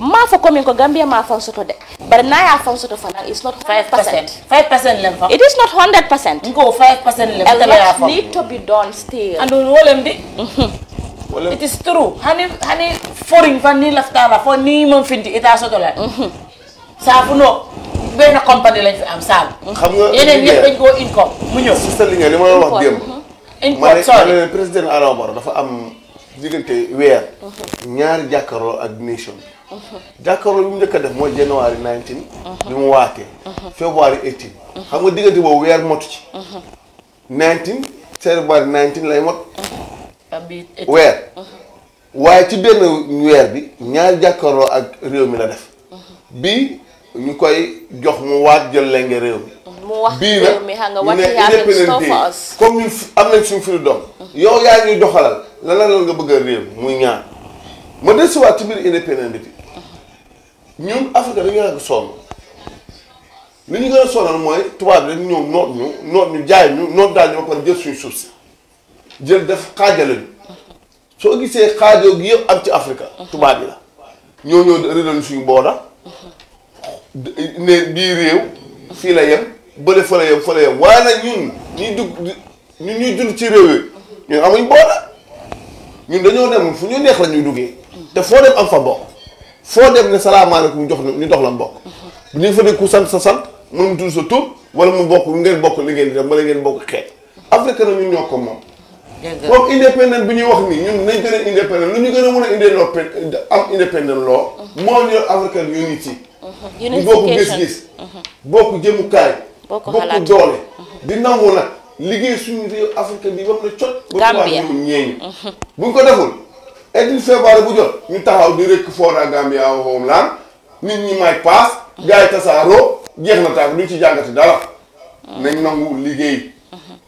maafa komin ko a ma fansoto de bare naya fansoto fana is not 5 percent 5 percent len fa it is not 100 percent ngo 5 percent a lot need to be done still and wolem di wolem it is true hani hani forin fa ni laftala fo ni mom findi ita soto la sa fu no benn compagnie lañ fi am saal xam nga yeneen ñëpp dañ koo si sa li mm-hmm. dafa am diggante weer mm-hmm. ñaari jàkkaarloo ak jàkkaarloo bi mu njëkk a def mooy january 19. bi mu waatee. février 18. xam nga diggante boobu weer motu ci. 19 février 19 lay mot. weer. Uh-huh. waaye ci benn weer bi ñaari jàkkaarloo ak réew mi la def. Uh-huh. bii ñu koy jox mu waat jël lenge réew mi. mu wax réew mi xam nga what he happened so far comme ñun am nañ suñu freedom. Uh-huh. yow yaa ñuy lan nga bëgg a réew muy ñaan ma desiwaat ci biir indépendance bi. ñun Afrique dañu gën sonn li ñu gën a sonal mooy tubaab bi dañu ñëw ñu jaay ñu noot daal ñu suuf si jël def xaajale soo gisee xaajoo yëpp am ci Afrique tubaab yi ñoo suñu booda ne réew fii la yem bële fa la yem fa la yem ci réew yi ñun amuñ booda ñun dañoo fu ñu neex la ñuy duggee te foo dem am fa bokk foo dem ne salaamaaleykum jox na ñu dox la mbokk. Mhm. bu ñu fa nekk ku sant sa sant mën mu tudd sa tur wala mu bokk ngeen bokk liggéey ngeen di def wala ngeen bokk xeet. Afrique na ñun ñoo ko moom. moom bi ñuy wax nii ñun nañ gën a indépendant lu ñu gën a mën a loo. Mhm. moo ñu African Unity. Mhm. ñu bokk gis-gis. bokk jëmukaay. bokk doole. di nangu nag liggéey suñu réew Afrique bi ba mu ne cot. Gambia ko deful. egli feebaare bu jot ñu taxaw di rëkk Fora Gambia homeland nit ñi may paas gars yi tasaaroo jeex na taag duñ ci jàngati dara nañ nangu liggéey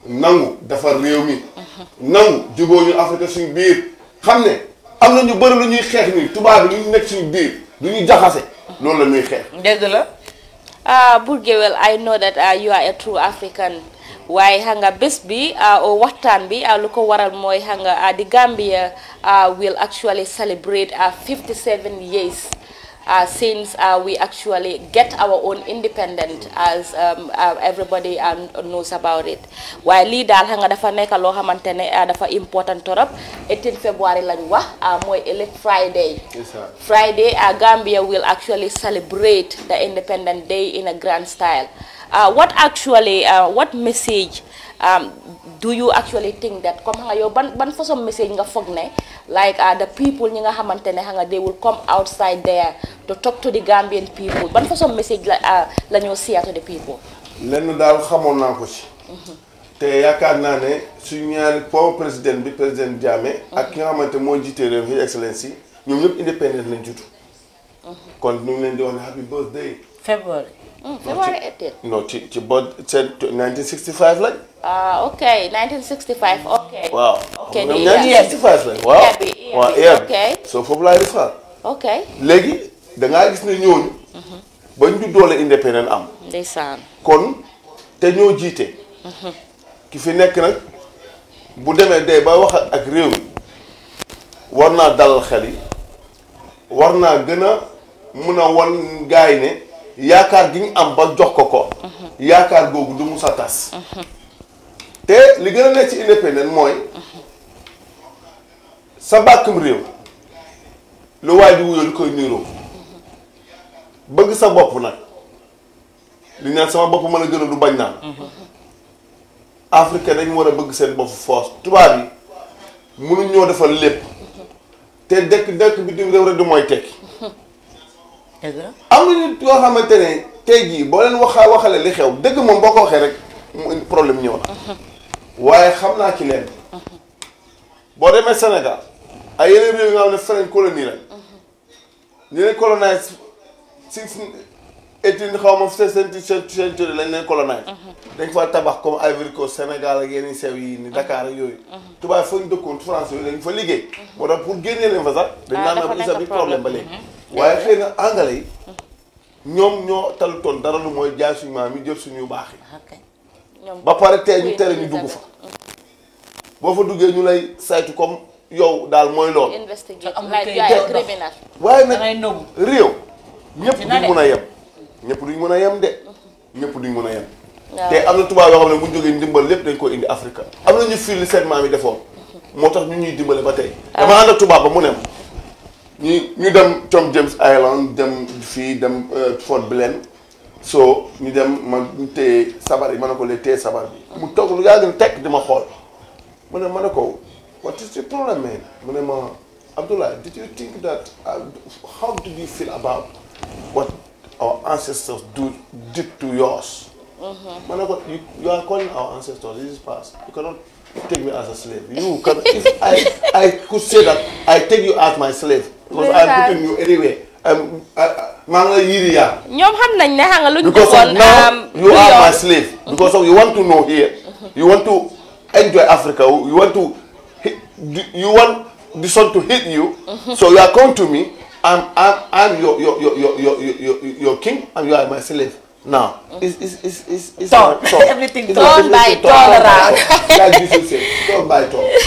nangu defar réew mi nangu juboo ñu Afrique suñu biir xam ne am na ñu bari lu ñuy xeex nii tubaab bi lu ñu nekk suñu biir lu ñuy jaxase loolu la ñuy xeex dëgg la ah Bourguewel I know that ah, you are a true African waaye xam bés bi ah, o waxtaan bi ah, lu ko waral mooy xam nga di Gambia uh, will actually celebrate uh, 57 years uh, since uh, we actually get our own independent as um, uh, everybody um, knows about it while leader daal xam nga dafa nekk uh, important torop 18 February lañ Friday Friday Gambia will actually celebrate the independent day in a grand style Uh, what actually uh, what message um, do you actually think that comme xam nga yow ban ban façon message nga foog ne like uh, the people ñi nga xamante ne xam nga they will come outside there to talk to the Gambian people ban façon message la la ñoo siya to the people. lenn daal xamoon naa ko ci. Mhm. te yaakaar naa ne su ñaari po président bi président Jammeh. ak ki nga xamante moo jiite réew His Excellency ñoom ñëpp indépendant lañ judd. kon ñu ngi leen di wax ne happy birthday. February. Hmm, February 18. ci ci bo seen 1965 lañ. ah ok 1965 ok. waaw ok ñoom 1965 lañ. waaw waaw IAB soo foofu laay refaat. léegi da gis ne ñooñu. Mhm. bañ ñu doole am. ndeysaan kon te ñoo jiite. Mhm. ki fi nekk nag bu demee day ba wax ak réew mi war naa dalal xel yi war naa gën a. mun a wan gars yi ne yaakaar gi ñu am ba jox ko ko. Mhm. yaakaar googu du mus a tas. Mhm. te li gën a nekk ci indépendant mooy mhm. sa bàkkum réew lu waay di wuyoo lu koy niiroo bëgg sa bopp nag li naan sama bopp mën a gën a du bañ naan africain dañ war a bëgg seen bopp force tubaab yi mënuñ ñoo defal lépp te dëkk dëkk bi di réew rek du mooy tekki am na nit yoo xamante ne tey jii boo leen waxa waxale li xew dëgg moom boo ko waxee rek mu indi ñëw na waaye xam naa ki leen boo demee Sénégal ay yeneen réew yi nga xam ne feneen colonie la xaw ma seen seen seen tuuti lañ leen colonise dañ fa tabax comme Ivory Coast Sénégal ak yeneen sew yi ni Dakar yooyu tubaab fa ñu dëkkoon France yooyu lañ fa liggéey moo tax pour génnee leen fa sax dañ ah, naan na isa bi problème ba léegi mhm. waaye xëy na angale yi ñoom ñoo talutoon dara lu mooy jaay suñu maam yi jël suñu baax yi ba pare tey ñu tere ñu dugg fa boo fa duggee ñu lay saytu comme yow daal mooy loolu waaye nag réew ñëpp duñ mun a yem ñëpp duñ mun a yem de mm-hmm. ñëpp duñ mun a yem te am na tubaab yoo xam ne bu ñu jógee ndimbal lépp dañ ko indi Afrique am na ñu fii li seen maam yi defoon mm-hmm. moo tax ñu ñuy dimbale ba tey ah. dama ànd ak tubaab ba mu ne ñu ñu dem Tom James Island dem fii dem euh, Fort Blaine so ñu dem man ñu téye sabar yi ma ne ko léegi téye sabar bi mu toog lu yàgg tekk di ma xool mu ne ma ne ko what is the problem man mu ne ma Abdullah did you think that uh, how do you feel about what our ancestors do did to yours. Mm-hmm. ma ne ko you you are calling our ancestors this is past you cannot take me as a slave you can if I I could say that I take you as my slave. because I'm putting you anywhere. maa ngi la yiiri yaa. ñoom xam you are my slave. because of you want to know here. Mm-hmm. you want to enjoy Africa you want to you want the sun to hit you. Mm-hmm. so you are coming to me I'm I'm I'm your your your your your your king and you are my slave. Now, mm. Mm-hmm. it's, it's, it's, it's, it's turn. Turn. everything turn by turn around. Like you should say, turn by turn.